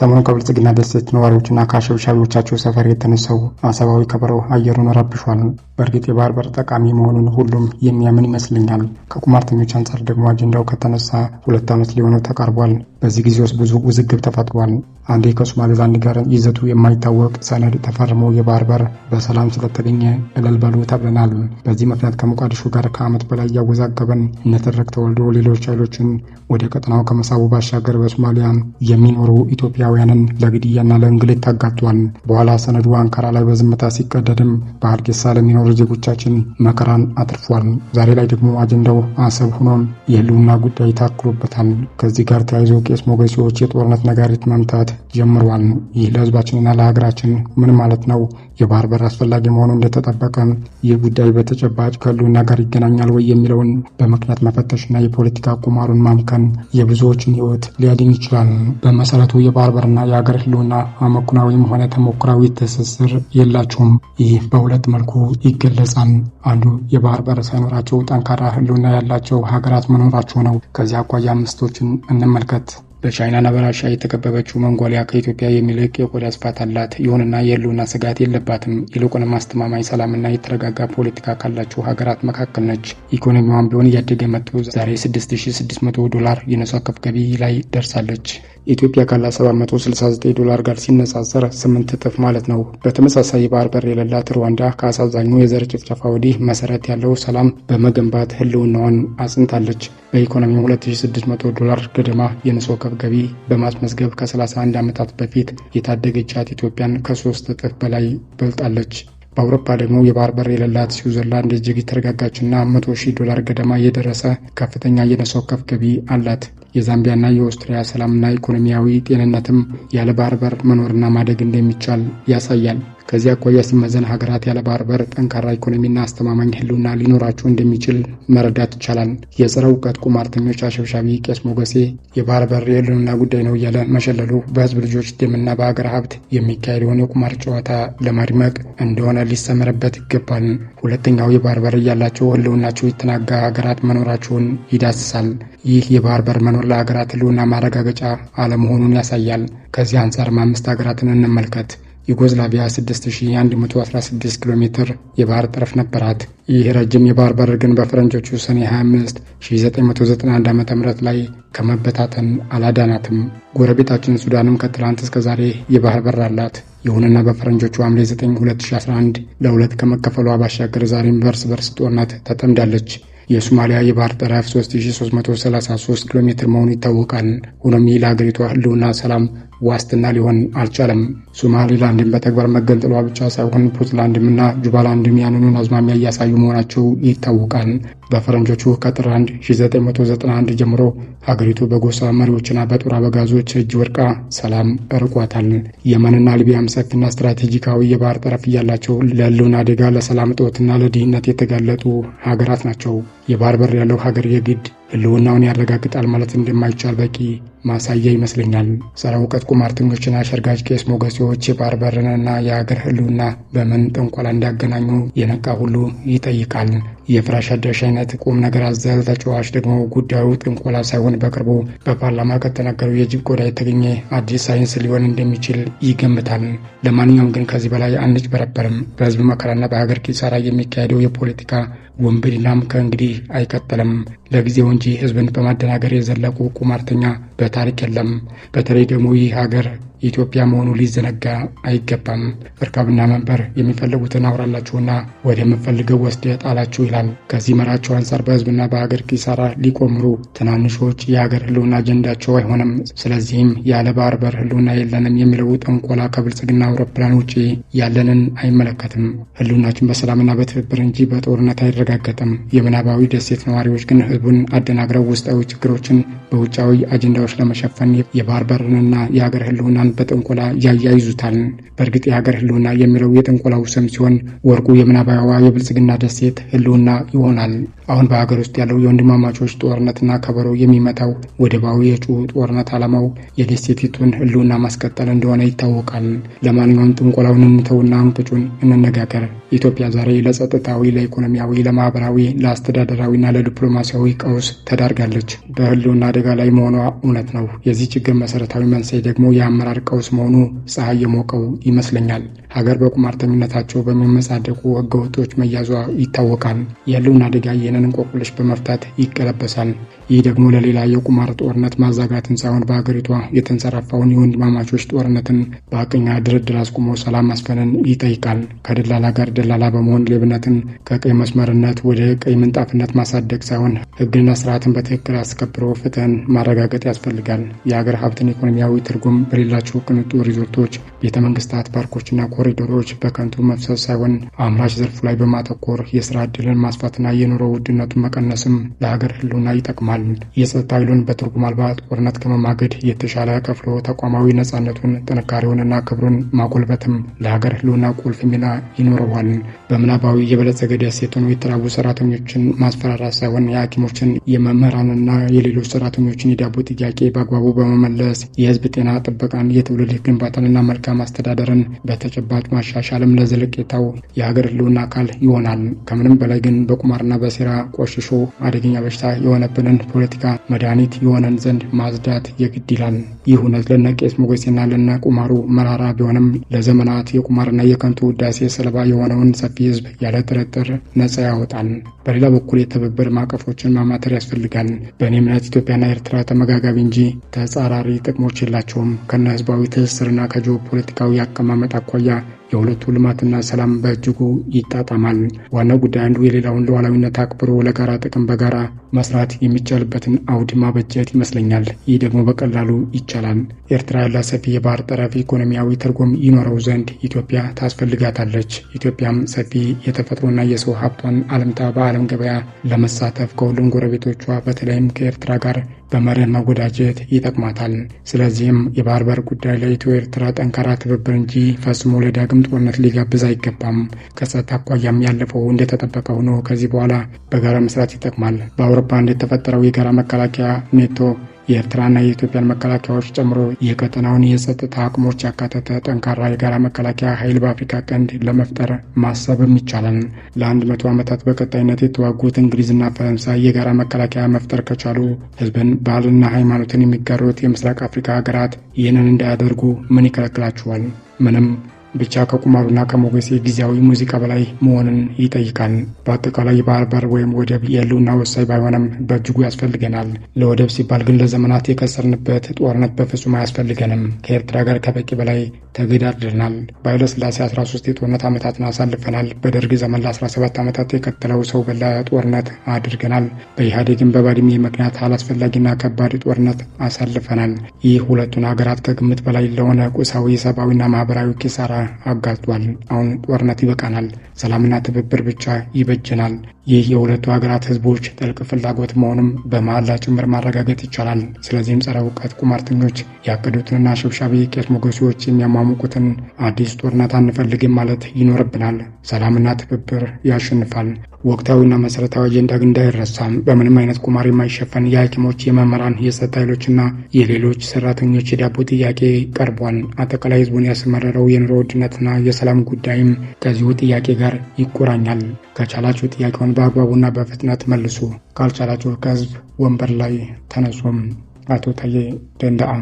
ሰሞኑን ከብልጽግና ደሴት ነዋሪዎችና ከአሸብሻቢዎቻቸው ሰፈር የተነሳው አሰባዊ ከበሮ አየሩን ረብሿል። በእርግጥ የባህር በር ጠቃሚ መሆኑን ሁሉም የሚያምን ይመስለኛል። ከቁማርተኞች አንጻር ደግሞ አጀንዳው ከተነሳ ሁለት ዓመት ሊሆነው ተቃርቧል። በዚህ ጊዜ ውስጥ ብዙ ውዝግብ ተፈጥሯል። አንዴ ከሶማሌ ላንድ ጋር ይዘቱ የማይታወቅ ሰነድ ተፈርሞ የባህር በር በሰላም ስለተገኘ እልል በሉ ተብለናል። በዚህ ምክንያት ከሞቃዲሾ ጋር ከዓመት በላይ እያወዛገበን ንትርክ ተወልዶ ሌሎች ኃይሎችን ወደ ቀጠናው ከመሳቡ ባሻገር በሶማሊያ የሚኖሩ ኢትዮጵያውያንን ለግድያና ለእንግልት ታጋቷል። በኋላ ሰነዱ አንካራ ላይ በዝምታ ሲቀደድም በሀርጌሳ ለሚኖሩ ዜጎቻችን መከራን አትርፏል። ዛሬ ላይ ደግሞ አጀንዳው አሰብ ሆኖ የህልውና ጉዳይ ታክሎበታል። ከዚህ ጋር ተያይዞ ቄስ ሞገሲዎች የጦርነት ነጋሪት መምታት ጀምሯል። ይህ ለህዝባችንና ለሀገራችን ምን ማለት ነው? የባህር በር አስፈላጊ መሆኑ እንደተጠበቀ ይህ ጉዳይ በተጨባጭ ከህልውና ጋር ይገናኛል ወይ የሚለውን በምክንያት መፈተሽና የፖለቲካ ቁማሩን ማምከን የብዙዎችን ህይወት ሊያድን ይችላል። በመሰረቱ የባህር በርና የሀገር ህልውና አመክንዮአዊም ሆነ ተሞክራዊ ትስስር የላቸውም። ይህ በሁለት መልኩ ይገለጻል። አንዱ የባህር በር ሳይኖራቸው ጠንካራ ህልውና ያላቸው ሀገራት መኖራቸው ነው። ከዚያ አኳያ ምስቶችን እንመልከት። በቻይና በራሻ የተከበበችው መንጎሊያ ከኢትዮጵያ የሚልቅ የቆዳ ስፋት አላት። ይሁንና የህልውና ስጋት የለባትም። ይልቁንም አስተማማኝ ሰላምና የተረጋጋ ፖለቲካ ካላቸው ሀገራት መካከል ነች። ኢኮኖሚዋን ቢሆን እያደገ መጥቶ ዛሬ 6600 ዶላር የነፍስ ወከፍ ገቢ ላይ ደርሳለች። ኢትዮጵያ ካላት 769 ዶላር ጋር ሲነጻጸር 8 እጥፍ ማለት ነው። በተመሳሳይ ባህር በር የሌላት ሩዋንዳ ከአሳዛኙ የዘር ጭፍጨፋ ወዲህ መሰረት ያለው ሰላም በመገንባት ህልውናዋን አጽንታለች። በኢኮኖሚ 2600 ዶላር ገደማ የነፍስ ወከፍ የማዕቀብ ገቢ በማስመዝገብ ከ31 ዓመታት በፊት የታደገቻት ኢትዮጵያን ከሶስት እጥፍ በላይ በልጣለች። በአውሮፓ ደግሞ የባህር በር የሌላት ስዊዘርላንድ እጅግ የተረጋጋችና 100 ሺህ ዶላር ገደማ የደረሰ ከፍተኛ የነፍስ ወከፍ ገቢ አላት። የዛምቢያና የኦስትሪያ ሰላምና ኢኮኖሚያዊ ጤንነትም ያለ ባህር በር መኖርና ማደግ እንደሚቻል ያሳያል። ከዚህ አኳያ ሲመዘን ሀገራት ያለ ባህር በር ጠንካራ ኢኮኖሚና አስተማማኝ ህልውና ሊኖራቸው እንደሚችል መረዳት ይቻላል። የጸረ እውቀት ቁማርተኞች አሸብሻቢ ቄስ ሞገሴ የባህር በር የህልውና ጉዳይ ነው እያለ መሸለሉ በህዝብ ልጆች ደምና በሀገር ሀብት የሚካሄድ የሆነ የቁማር ጨዋታ ለማድመቅ እንደሆነ ሊሰመርበት ይገባል። ሁለተኛው የባህር በር እያላቸው ህልውናቸው የተናጋ ሀገራት መኖራቸውን ይዳስሳል። ይህ የባህር በር መኖር ለሀገራት ህልውና ማረጋገጫ አለመሆኑን ያሳያል። ከዚህ አንጻር አምስት ሀገራትን እንመልከት። ዩጎዝላቪያ 6116 ኪሎ ሜትር የባህር ጠረፍ ነበራት። ይህ ረጅም የባህር በር ግን በፈረንጆቹ ሰኔ 25 1991 ዓ ም ላይ ከመበታተን አላዳናትም። ጎረቤታችን ሱዳንም ከትላንት እስከ ዛሬ የባህር በር አላት። ይሁንና በፈረንጆቹ ሐምሌ 9 2011 ለሁለት ከመከፈሏ ባሻገር ዛሬም በርስ በርስ ጦርነት ተጠምዳለች። የሶማሊያ የባህር ጠረፍ 3333 ኪሎ ሜትር መሆኑ ይታወቃል። ሆኖም ይህ ለሀገሪቷ ህልውና ሰላም ዋስትና ሊሆን አልቻለም። ሶማሊላንድን በተግባር መገንጠሏ ብቻ ሳይሆን ፑንትላንድም እና ጁባላንድም ያንኑን አዝማሚያ እያሳዩ መሆናቸው ይታወቃል። በፈረንጆቹ ከጥር 1 1991 ጀምሮ ሀገሪቱ በጎሳ መሪዎችና በጦር አበጋዞች እጅ ወድቃ ሰላም እርቋታል። የመንና ሊቢያም ሰፊና ስትራቴጂካዊ የባህር ጠረፍ እያላቸው ለህልውና አደጋ፣ ለሰላም እጦትና ለድህነት የተጋለጡ ሀገራት ናቸው። የባህር በር ያለው ሀገር የግድ ህልውናውን ያረጋግጣል ማለት እንደማይቻል በቂ ማሳያ ይመስለኛል። ጸረ እውቀት ቁማርተኞችና አሸርጋጅ ቄስ ሞገሴዎች የባርበርንና የአገር ህልውና በምን ጥንቆላ እንዳገናኙ የነቃ ሁሉ ይጠይቃል። የፍራሽ አዳሽ አይነት ቁም ነገር አዘል ተጫዋች ደግሞ ጉዳዩ ጥንቆላ ሳይሆን በቅርቡ በፓርላማ ከተናገረው የጅብ ቆዳ የተገኘ አዲስ ሳይንስ ሊሆን እንደሚችል ይገምታል። ለማንኛውም ግን ከዚህ በላይ አንጭበረበርም። በህዝብ መከራና በሀገር ኪሳራ የሚካሄደው የፖለቲካ ወንብድናም ከእንግዲህ አይቀጥልም። ለጊዜው እንጂ ህዝብን በማደናገር የዘለቁ ቁማርተኛ በታሪክ የለም። በተለይ ደግሞ ይህ ሀገር የኢትዮጵያ መሆኑ ሊዘነጋ አይገባም። እርካብና መንበር የሚፈልጉትን አውራላችሁና ወደምፈልገው ወስደ ጣላችሁ ይላል። ከዚህ መራቸው አንጻር በህዝብና በሀገር ኪሳራ ሊቆምሩ ትናንሾች የሀገር ህልውና አጀንዳቸው አይሆንም። ስለዚህም ያለ ባህር በር ህልውና የለንም የሚለው ጠንቆላ ከብልጽግና አውሮፕላን ውጭ ያለንን አይመለከትም። ህልውናችን በሰላምና በትብብር እንጂ በጦርነት አይረጋገጥም። የምናባዊ ደሴት ነዋሪዎች ግን ህዝቡን አደናግረው ውስጣዊ ችግሮችን በውጫዊ አጀንዳዎች ለመሸፈን የባህር በርንና የሀገር ህልውናን በጥንቆላ ያያይዙታል። በእርግጥ የሀገር ህልውና የሚለው የጥንቆላው ስም ሲሆን ወርቁ የምናባዊዋ የብልጽግና ደሴት ህልውና ይሆናል። አሁን በሀገር ውስጥ ያለው የወንድማማቾች ጦርነትና ከበሮ የሚመታው ወደባዊ የጩ ጦርነት ዓላማው የደሴቲቱን ህልውና ማስቀጠል እንደሆነ ይታወቃል። ለማንኛውም ጥንቆላውን እንተውና አንቅጩን እንነጋገር። ኢትዮጵያ ዛሬ ለጸጥታዊ፣ ለኢኮኖሚያዊ፣ ለማህበራዊ፣ ለአስተዳደራዊና ለዲፕሎማሲያዊ ቀውስ ተዳርጋለች። በህልውና አደጋ ላይ መሆኗ እውነት ነው። የዚህ ችግር መሰረታዊ መንስኤ ደግሞ የአመራር ቀውስ መሆኑ ፀሐይ የሞቀው ይመስለኛል። ሀገር በቁማርተኝነታቸው በሚመጻደቁ ህገወጦች መያዟ ይታወቃል። የህልውና አደጋ ይህንን እንቆቅልሽ በመፍታት ይቀለበሳል። ይህ ደግሞ ለሌላ የቁማር ጦርነት ማዛጋትን ሳይሆን በሀገሪቷ የተንሰራፋውን የወንድማማቾች ጦርነትን በአቅኛ ድርድር አስቁሞ ሰላም ማስፈንን ይጠይቃል። ከደላላ ጋር ደላላ በመሆን ሌብነትን ከቀይ መስመርነት ወደ ቀይ ምንጣፍነት ማሳደግ ሳይሆን ህግና ስርዓትን በትክክል አስከብሮ ፍትህን ማረጋገጥ ያስፈልጋል። የሀገር ሀብትን ኢኮኖሚያዊ ትርጉም በሌላቸው ቅንጡ ሪዞርቶች፣ ቤተመንግስታት ፓርኮችና ኮሪደሮች በከንቱ መፍሰስ ሳይሆን አምራች ዘርፉ ላይ በማተኮር የስራ ዕድልን ማስፋትና የኑሮ ውድነቱን መቀነስም ለሀገር ህልውና ይጠቅማል። ተናግረዋል። የጸጥታ ኃይሉን በትርጉም አልባ ጦርነት ከመማገድ የተሻለ ከፍሎ ተቋማዊ ነጻነቱን ጥንካሬውንና ክብሩን ማጎልበትም ለሀገር ህልውና ቁልፍ ሚና ይኖረዋል። በምናባዊ የበለጸገ ደሴቱን የተራቡ ሰራተኞችን ማስፈራራት ሳይሆን የሐኪሞችን የመምህራንና የሌሎች ሰራተኞችን የዳቦ ጥያቄ በአግባቡ በመመለስ የህዝብ ጤና ጥበቃን፣ የትውልድ ግንባታንና መልካም አስተዳደርን በተጨባጭ ማሻሻልም ለዘለቄታው የሀገር ህልውና አካል ይሆናል። ከምንም በላይ ግን በቁማርና በሴራ ቆሽሾ አደገኛ በሽታ የሆነብንን ፖለቲካ መድኃኒት የሆነን ዘንድ ማጽዳት የግድ ይላል። ይህ እውነት ለነ ቄስ ሞገሴና ለነ ቁማሩ መራራ ቢሆንም ለዘመናት የቁማርና የከንቱ ውዳሴ ሰለባ የሆነውን ሰፊ ህዝብ ያለ ጥርጥር ነጻ ያወጣል። በሌላ በኩል የትብብር ማዕቀፎችን ማማተር ያስፈልጋል። በእኔ እምነት ኢትዮጵያና ኤርትራ ተመጋጋቢ እንጂ ተጻራሪ ጥቅሞች የላቸውም። ከነ ህዝባዊ ትስስርና ከጂኦ ፖለቲካዊ አቀማመጥ አኳያ የሁለቱ ልማትና ሰላም በእጅጉ ይጣጣማል። ዋናው ጉዳይ አንዱ የሌላውን ሉዓላዊነት አክብሮ ለጋራ ጥቅም በጋራ መስራት የሚቻልበትን አውድ ማበጀት ይመስለኛል። ይህ ደግሞ በቀላሉ ይቻላል። ኤርትራ ያላት ሰፊ የባህር ጠረፍ ኢኮኖሚያዊ ትርጉም ይኖረው ዘንድ ኢትዮጵያ ታስፈልጋታለች። ኢትዮጵያም ሰፊ የተፈጥሮና የሰው ሀብቷን አለምታ በዓለም ገበያ ለመሳተፍ ከሁሉም ጎረቤቶቿ በተለይም ከኤርትራ ጋር በመርህ መጎዳጀት ይጠቅማታል። ስለዚህም የባህር በር ጉዳይ ለኢትዮ ኤርትራ ጠንካራ ትብብር እንጂ ፈጽሞ ለዳግም ጦርነት ሊጋብዝ አይገባም። ከጸጥታ አኳያም ያለፈው እንደተጠበቀ ሆኖ ከዚህ በኋላ በጋራ መስራት ይጠቅማል። በአውሮፓ እንደተፈጠረው የጋራ መከላከያ ኔቶ የኤርትራና የኢትዮጵያን መከላከያዎች ጨምሮ የቀጠናውን የጸጥታ አቅሞች ያካተተ ጠንካራ የጋራ መከላከያ ኃይል በአፍሪካ ቀንድ ለመፍጠር ማሰብም ይቻላል። ለአንድ መቶ ዓመታት በቀጣይነት የተዋጉት እንግሊዝና ፈረንሳይ የጋራ መከላከያ መፍጠር ከቻሉ ህዝብን፣ ባህልና ሃይማኖትን የሚጋሩት የምስራቅ አፍሪካ ሀገራት ይህንን እንዳያደርጉ ምን ይከለክላቸዋል? ምንም። ብቻ ከቁማሩና ከሞገሴ ጊዜያዊ ሙዚቃ በላይ መሆንን ይጠይቃል። በአጠቃላይ ባህር በር ወይም ወደብ የህልውና ወሳኝ ባይሆንም በእጅጉ ያስፈልገናል። ለወደብ ሲባል ግን ለዘመናት የከሰርንበት ጦርነት በፍጹም አያስፈልገንም። ከኤርትራ ጋር ከበቂ በላይ ተገዳድረናል። በኃይለሥላሴ 13 የጦርነት ዓመታትን አሳልፈናል። በደርግ ዘመን ለ17 ዓመታት የቀጠለው ሰው በላ ጦርነት አድርገናል። በኢህአዴግን በባድሜ ምክንያት አላስፈላጊና ከባድ ጦርነት አሳልፈናል። ይህ ሁለቱን ሀገራት ከግምት በላይ ለሆነ ቁሳዊ ሰብአዊና ማህበራዊ ኪሳራ አጋልጧል። አሁን ጦርነት ይበቃናል፣ ሰላምና ትብብር ብቻ ይበጀናል ይህ የሁለቱ ሀገራት ህዝቦች ጥልቅ ፍላጎት መሆኑም በመሐላ ጭምር ማረጋገጥ ይቻላል። ስለዚህም ጸረ እውቀት ቁማርተኞች ያቀዱትንና ሽብሻቢ ቄስ ሞገሲዎች የሚያሟሙቁትን አዲስ ጦርነት አንፈልግም ማለት ይኖርብናል። ሰላምና ትብብር ያሸንፋል። ወቅታዊና መሰረታዊ አጀንዳ ግን እንዳይረሳም በምንም አይነት ቁማር የማይሸፈን የሐኪሞች፣ የመምህራን፣ የጸጥታ ኃይሎችና የሌሎች ሰራተኞች የዳቦ ጥያቄ ቀርቧል። አጠቃላይ ህዝቡን ያስመረረው የኑሮ ውድነትና የሰላም ጉዳይም ከዚሁ ጥያቄ ጋር ይቆራኛል። ከቻላችሁ ጥያቄውን በአግባቡና በፍጥነት መልሱ፣ ካልቻላችሁ ከህዝብ ወንበር ላይ ተነሱም። አቶ ታዬ ደንደአ